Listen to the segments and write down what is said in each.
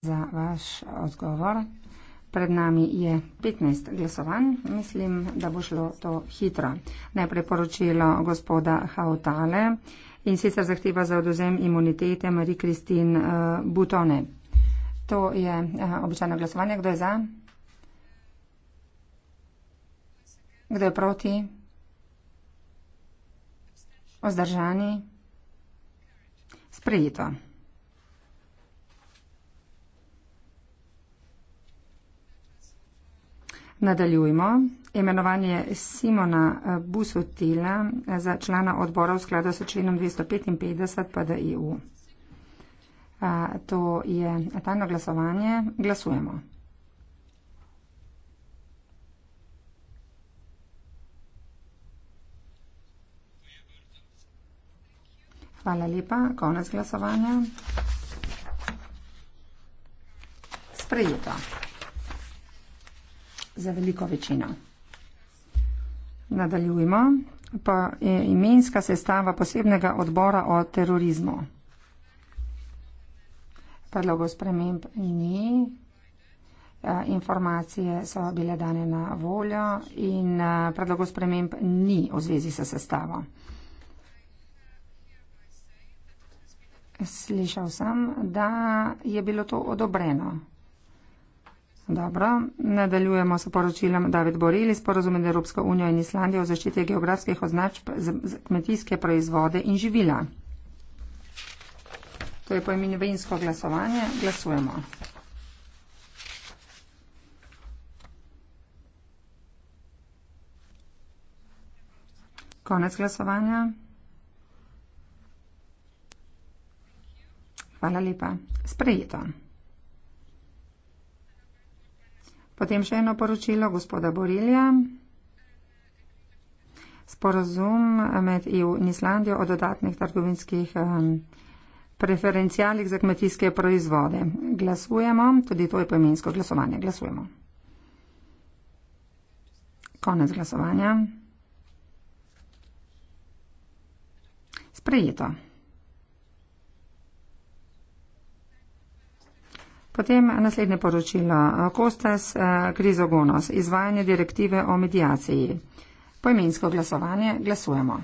za vaš odgovor. Pred nami je 15 glasovanj. Mislim, da bo šlo to hitro. Najprej poročilo gospoda Hautale in sicer zahteva za odozem imunitete Marie-Christine eh, Butone. To je eh, običajno glasovanje. Kdo je za? Kdo je proti? Ozdržani? Sprejeto. Nadaljujmo. Imenovanje Simona eh, Busotila eh, za člana odbora v skladu s členom 255 PDIU. To je tajno glasovanje. Glasujemo. Hvala lepa. Konec glasovanja. Sprejeto za veliko večino. Nadaljujmo. Pa je imenska sestava posebnega odbora o terorizmu. Predlogov sprememb ni. E, informacije so bile dane na voljo in e, predlogov sprememb ni v zvezi s sestavo. Slišal sem, da je bilo to odobreno. Dobro, nadaljujemo s poročilom David Borili, sporozum med Evropsko unijo in Islandijo o zaščiti geografskih označb za kmetijske proizvode in živila. To je poimenovinsko glasovanje. Glasujemo. Konec glasovanja. Hvala lepa. Sprejeto. Potem še eno poročilo gospoda Borilja. Sporazum med EU in Islandijo o dodatnih trgovinskih preferencijalih za kmetijske proizvode. Glasujemo, tudi to je poimensko glasovanje. Glasujemo. Konec glasovanja. Sprejeto. Potem naslednje poročilo. Kostas Krizogonos, eh, izvajanje direktive o medijaciji. Poimensko glasovanje, glasujemo.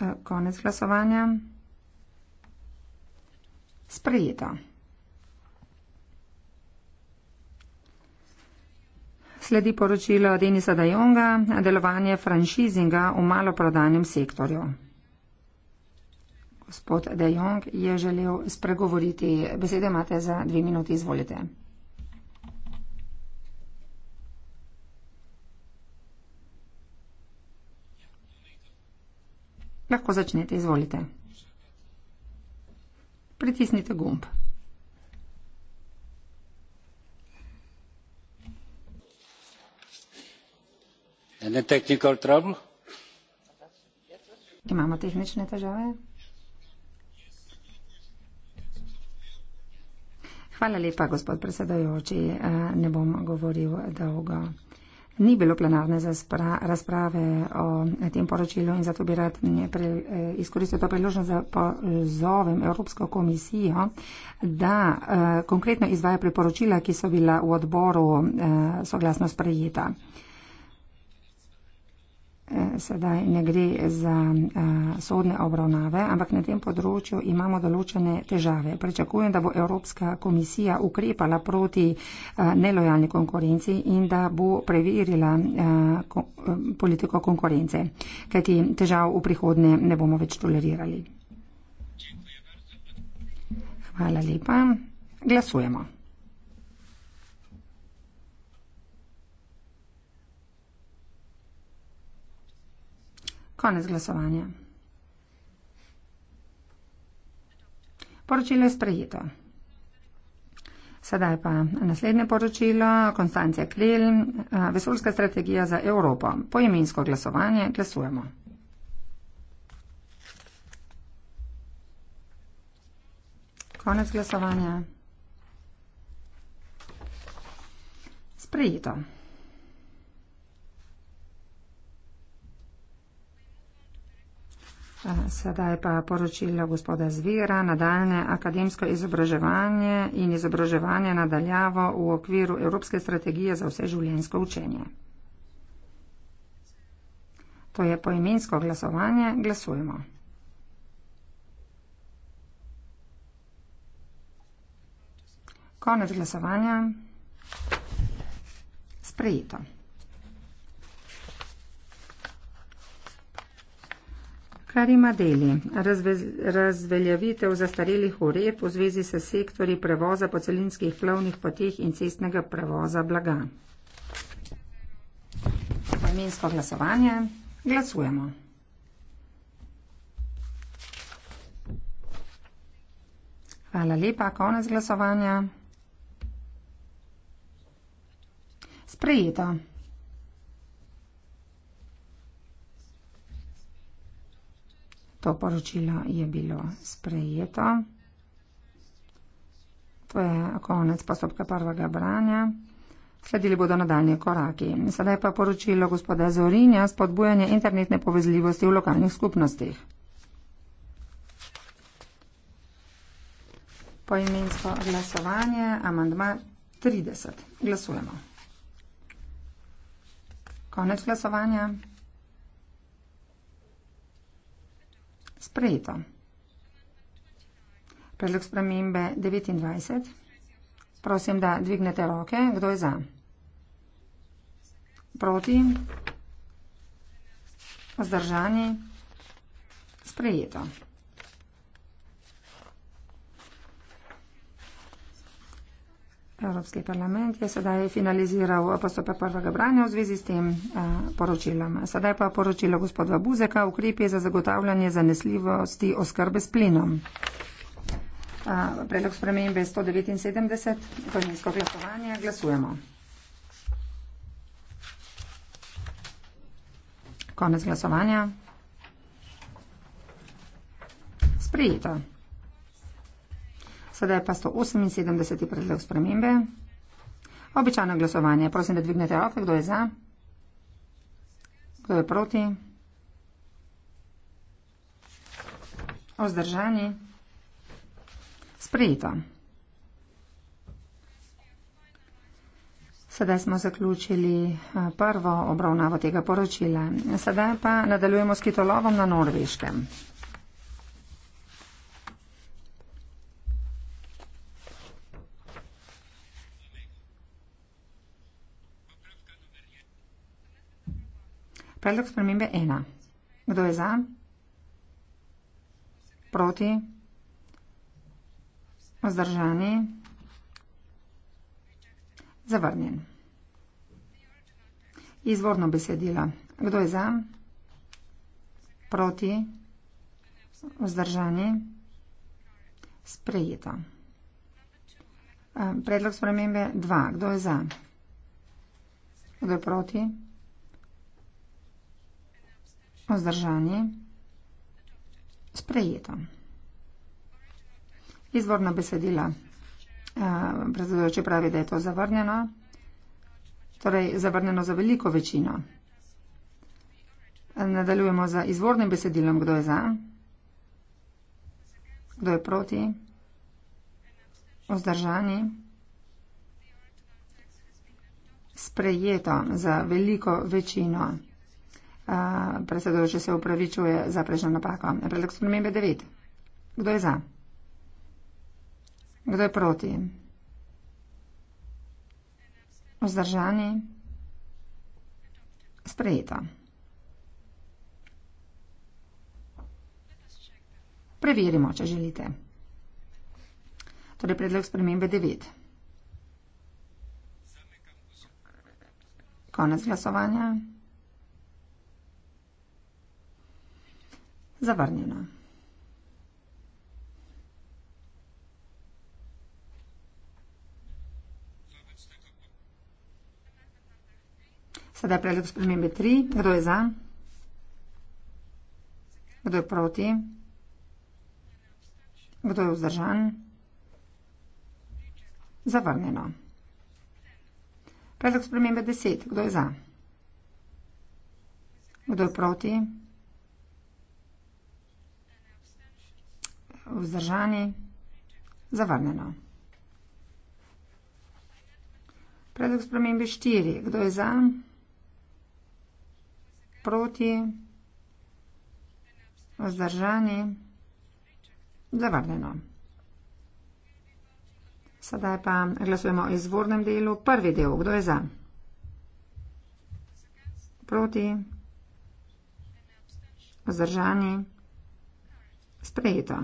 Eh, konec glasovanja. Sprejeto. Sledi poročilo Denisa Dajonga, delovanje franšizinga v maloprodanem sektorju. Gospod De Jong je želel spregovoriti. Besede imate za dve minuti, izvolite. Lahko začnete, izvolite. Pritisnite gumb. Imamo tehnične težave? Hvala lepa, gospod predsedajoči. Eh, ne bom govoril dolgo. Ni bilo plenarne razprave o eh, tem poročilu in zato bi rad pre, eh, izkoristil to priložnost, da pozovem Evropsko komisijo, da konkretno izvaja priporočila, ki so bila v odboru soglasno sprejeta sedaj ne gre za eh, sodne obravnave, ampak na tem področju imamo določene težave. Prečakujem, da bo Evropska komisija ukrepala proti eh, nelojalni konkurenci in da bo preverila eh, politiko konkurence, kajti težav v prihodnje ne bomo več tolerirali. Hvala lepa. Glasujemo. Konec glasovanja. Poročilo je sprejeto. Sedaj pa naslednje poročilo, Konstancija Krelj, eh, Vesoljska strategija za Evropo. Poimensko glasovanje glasujemo. Konec glasovanja. Sprejeto. Sedaj pa poročilo gospoda Zvira, nadaljne akademsko izobraževanje in izobraževanje nadaljavo v okviru Evropske strategije za vse življensko učenje. To je poimensko glasovanje, glasujemo. Konec glasovanja. Sprejeto. Kar ima deli? Razve, razveljavitev zastarelih ureb v zvezi s sektori prevoza po celinskih plovnih poteh in cestnega prevoza blaga. Pojmensko glasovanje. Glasujemo. Hvala lepa. Konec glasovanja. Sprejeto. To poročilo je bilo sprejeto. To je konec postopka prvega branja. Sledili bodo nadaljni koraki. Sedaj pa poročilo gospoda Zorinja spodbujanje internetne povezljivosti v lokalnih skupnostih. Poimensko glasovanje, amandma 30. Glasujemo. Konec glasovanja. sprejeto. Predlog spremembe 29. Prosim, da dvignete roke. Kdo je za? Proti? Vzdržani? Sprejeto. Evropski parlament je sedaj finaliziral postopek prvega branja v zvezi s tem eh, poročilom. Sedaj pa poročilo gospoda Buzeka o ukrepih za zagotavljanje zanesljivosti oskrbe s plinom. Eh, predlog spremembe 179, pojemsko glasovanje, glasujemo. Konec glasovanja. Sprejeto. Sedaj pa 178. predlog spremembe. Običajno glasovanje. Prosim, da dvignete roke, kdo je za, kdo je proti, ozdržani, sprejeto. Sedaj smo zaključili eh, prvo obravnavo tega poročila. Sedaj pa nadaljujemo s kitolovom na norveškem. Predlog spremembe ena. Kdo je za? Proti? Vzdržani? Zavrnjen. Izvorno besedilo. Kdo je za? Proti? Vzdržani? Sprejeto. Predlog spremembe dva. Kdo je za? Kdo je proti? Kdo je proti? Vzdržanje. Sprejeto. Izvorna besedila. Eh, predsedujoči pravi, da je to zavrnjeno. Torej, zavrnjeno za veliko večino. Nadaljujemo za izvornim besedilom, kdo je za. Kdo je proti. Vzdržani. Sprejeto za veliko večino predsedujoče se upravičuje za prejšnjo napako. Predlog spremembe 9. Kdo je za? Kdo je proti? Vzdržani? Sprejeto. Preverimo, če želite. Torej, predlog spremembe 9. Konec glasovanja. Zavrnjeno. Sedaj je predlog spremembe tri. Kdo je za? Kdo je proti? Kdo je vzdržan? Zavrnjeno. Predlog spremembe deset. Kdo je za? Kdo je proti? vzdržani, zavrnjeno. Predlog spremembe štiri, kdo je za? Proti? Vzdržani? Zavrnjeno. Sedaj pa glasujemo o izvornem delu. Prvi del, kdo je za? Proti? Vzdržani? Sprejeto.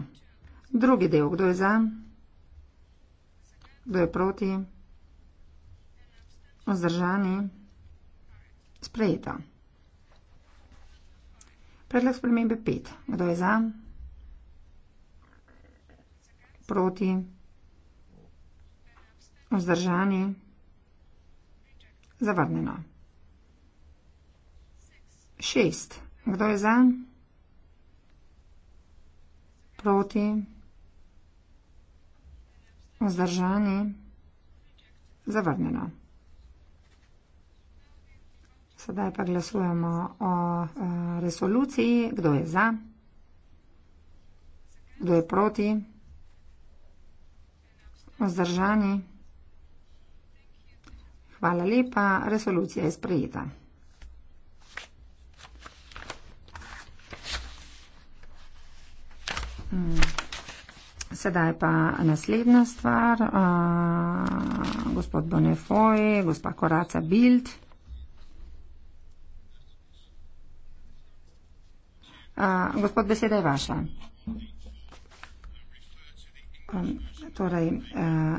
Drugi del, kdo je za? Kdo je proti? Ozdržani? Sprejeto. Predlog spremembe pet. Kdo je za? Proti? Ozdržani? Zavrnjeno. Šest. Kdo je za? Proti? Vzdržani. Zavrnjeno. Sedaj pa glasujemo o eh, resoluciji. Kdo je za? Kdo je proti? Vzdržani. Hvala lepa. Resolucija je sprejeta. Hmm sedaj pa naslednja stvar. Uh, gospod Bonefoy, gospa Koraca Bild. Uh, gospod, beseda je vaša. Um, torej, uh,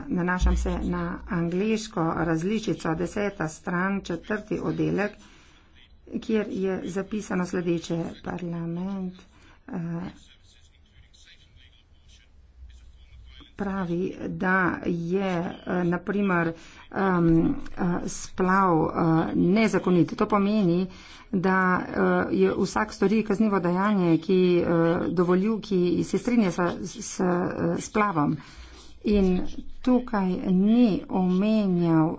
nanašam se na angliško različico, deseta stran, četrti oddelek, kjer je zapisano sledeče parlament. Uh, pravi, da je eh, naprimer eh, splav eh, nezakonit. To pomeni, da je vsak stori kaznivo dejanje, ki dovolju, ki se strinja s splavom. In tukaj ni, omenjal,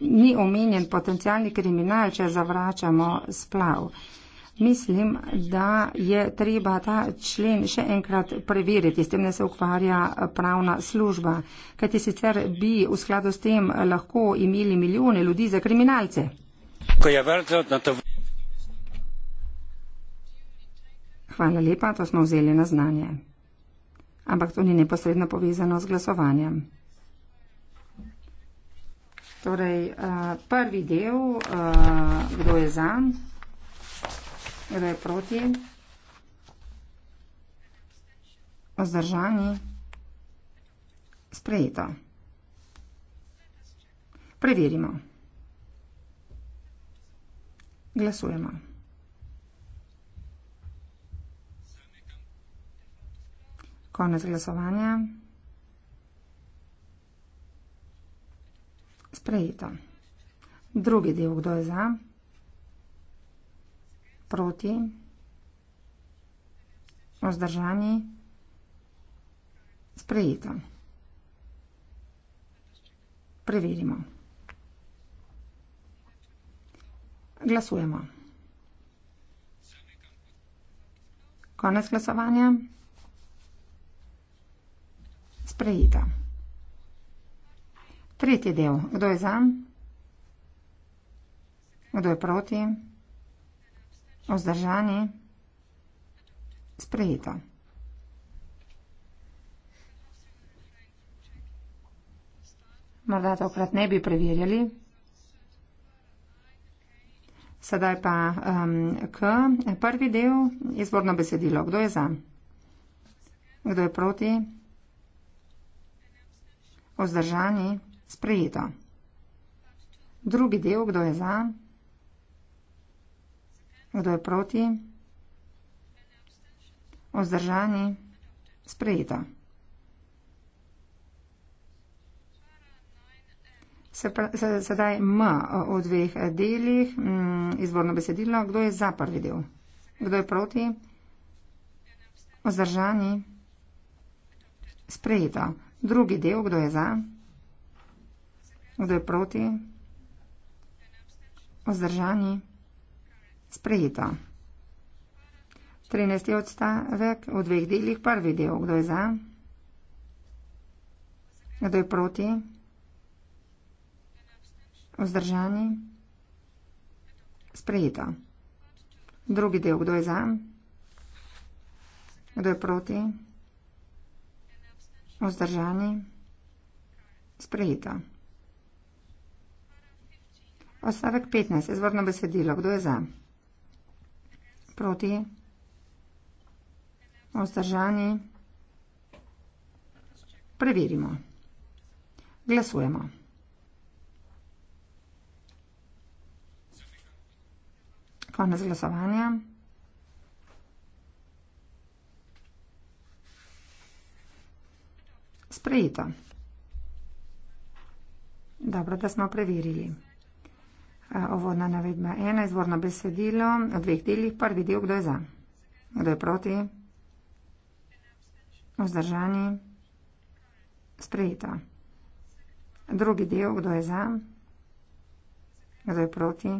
ni omenjen potencialni kriminal, če zavračamo splav. Mislim, da je treba ta člen še enkrat preveriti, s tem ne se ukvarja pravna služba, kajti sicer bi v skladu s tem lahko imeli milijone ljudi za kriminalce. Hvala lepa, to smo vzeli na znanje. Ampak to ni neposredno povezano z glasovanjem. Torej, eh, prvi del, eh, kdo je za? Kdo je proti? Vzdržani? Sprejeto. Preverimo. Glasujemo. Konec glasovanja. Sprejeto. Drugi del, kdo je za? proti, vzdržani, sprejeto. Preverimo. Glasujemo. Konec glasovanja. Sprejeta. Tretji del. Kdo je za? Kdo je proti? Vzdržani. Sprejeto. Morda tokrat ne bi preverjali. Sedaj pa um, k prvi del, izvorno besedilo. Kdo je za? Kdo je proti? Vzdržani. Sprejeto. Drugi del, kdo je za? Kdo je proti? Ozdržani? Sprejeto. Sedaj M eh, v dveh eh, delih, mm, izvorno besedilo. Kdo je za prvi del? Kdo je proti? Ozdržani? Sprejeto. Drugi del, kdo je za? Kdo je proti? Ozdržani? Sprejeto sprejeta. 13. odstavek v dveh delih, prvi del, kdo je za, kdo je proti, vzdržani, sprejeta. Drugi del, kdo je za, kdo je proti, vzdržani, sprejeta. Ostavek 15, izvorno besedilo, kdo je za proti. Vzdržani. Preverimo. Glasujemo. Konec glasovanja. Sprejeto. Dobro, da smo preverili. Ovodna navedba ena, izvorno besedilo, v dveh delih, prvi del, kdo je za, kdo je proti, vzdržani, sprejeto. Drugi del, kdo je za, kdo je proti,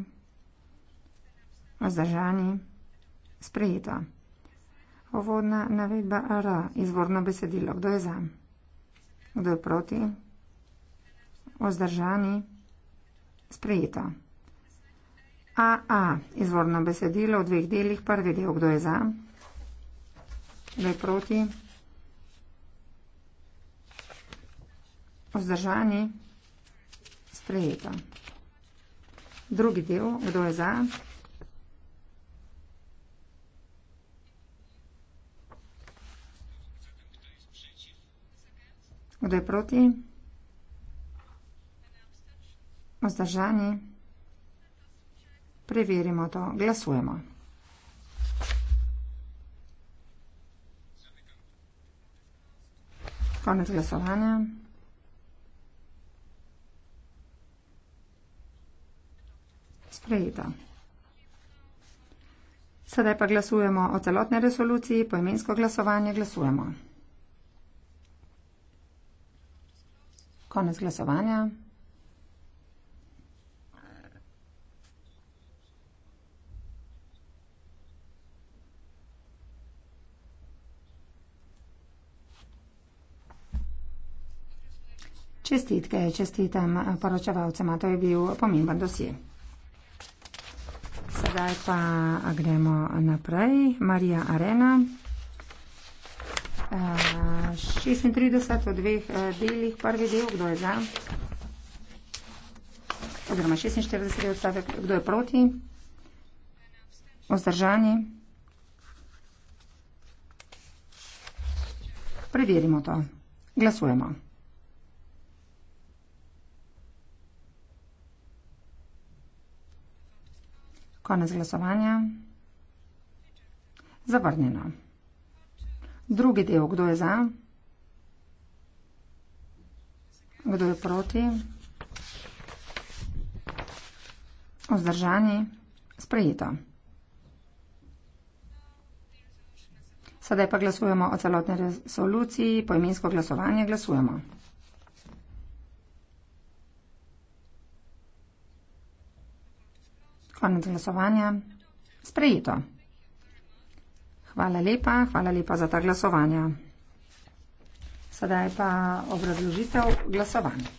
vzdržani, sprejeto. Ovodna navedba R, izvorno besedilo, kdo je za, kdo je proti, vzdržani, sprejeto. AA, izvorno besedilo v dveh delih, prvi del, kdo je za, kdo je proti, vzdržani, sprejeto. Drugi del, kdo je za, kdo je proti, vzdržani, sprejeto. Preverimo to. Glasujemo. Konec glasovanja. Sprejeta. Sedaj pa glasujemo o celotni resoluciji, poimensko glasovanje glasujemo. Konec glasovanja. Čestitke, čestitam eh, poročevalcema, to je bil pomemben dosje. Sedaj pa eh, gremo naprej. Marija Arena. 36 eh, v dveh delih, prvi del, kdo je za? Oziroma 46 odstavek, kdo je proti? Ozdržani? Preverimo to. Glasujemo. Konec glasovanja. Zavrnjeno. Drugi del, kdo je za? Kdo je proti? Ozdržani? Sprejeto. Sedaj pa glasujemo o celotni resoluciji, poimensko glasovanje glasujemo. Konec glasovanja. Sprejeto. Hvala lepa, hvala lepa za ta glasovanja. Sedaj pa obrazložitev glasovanja.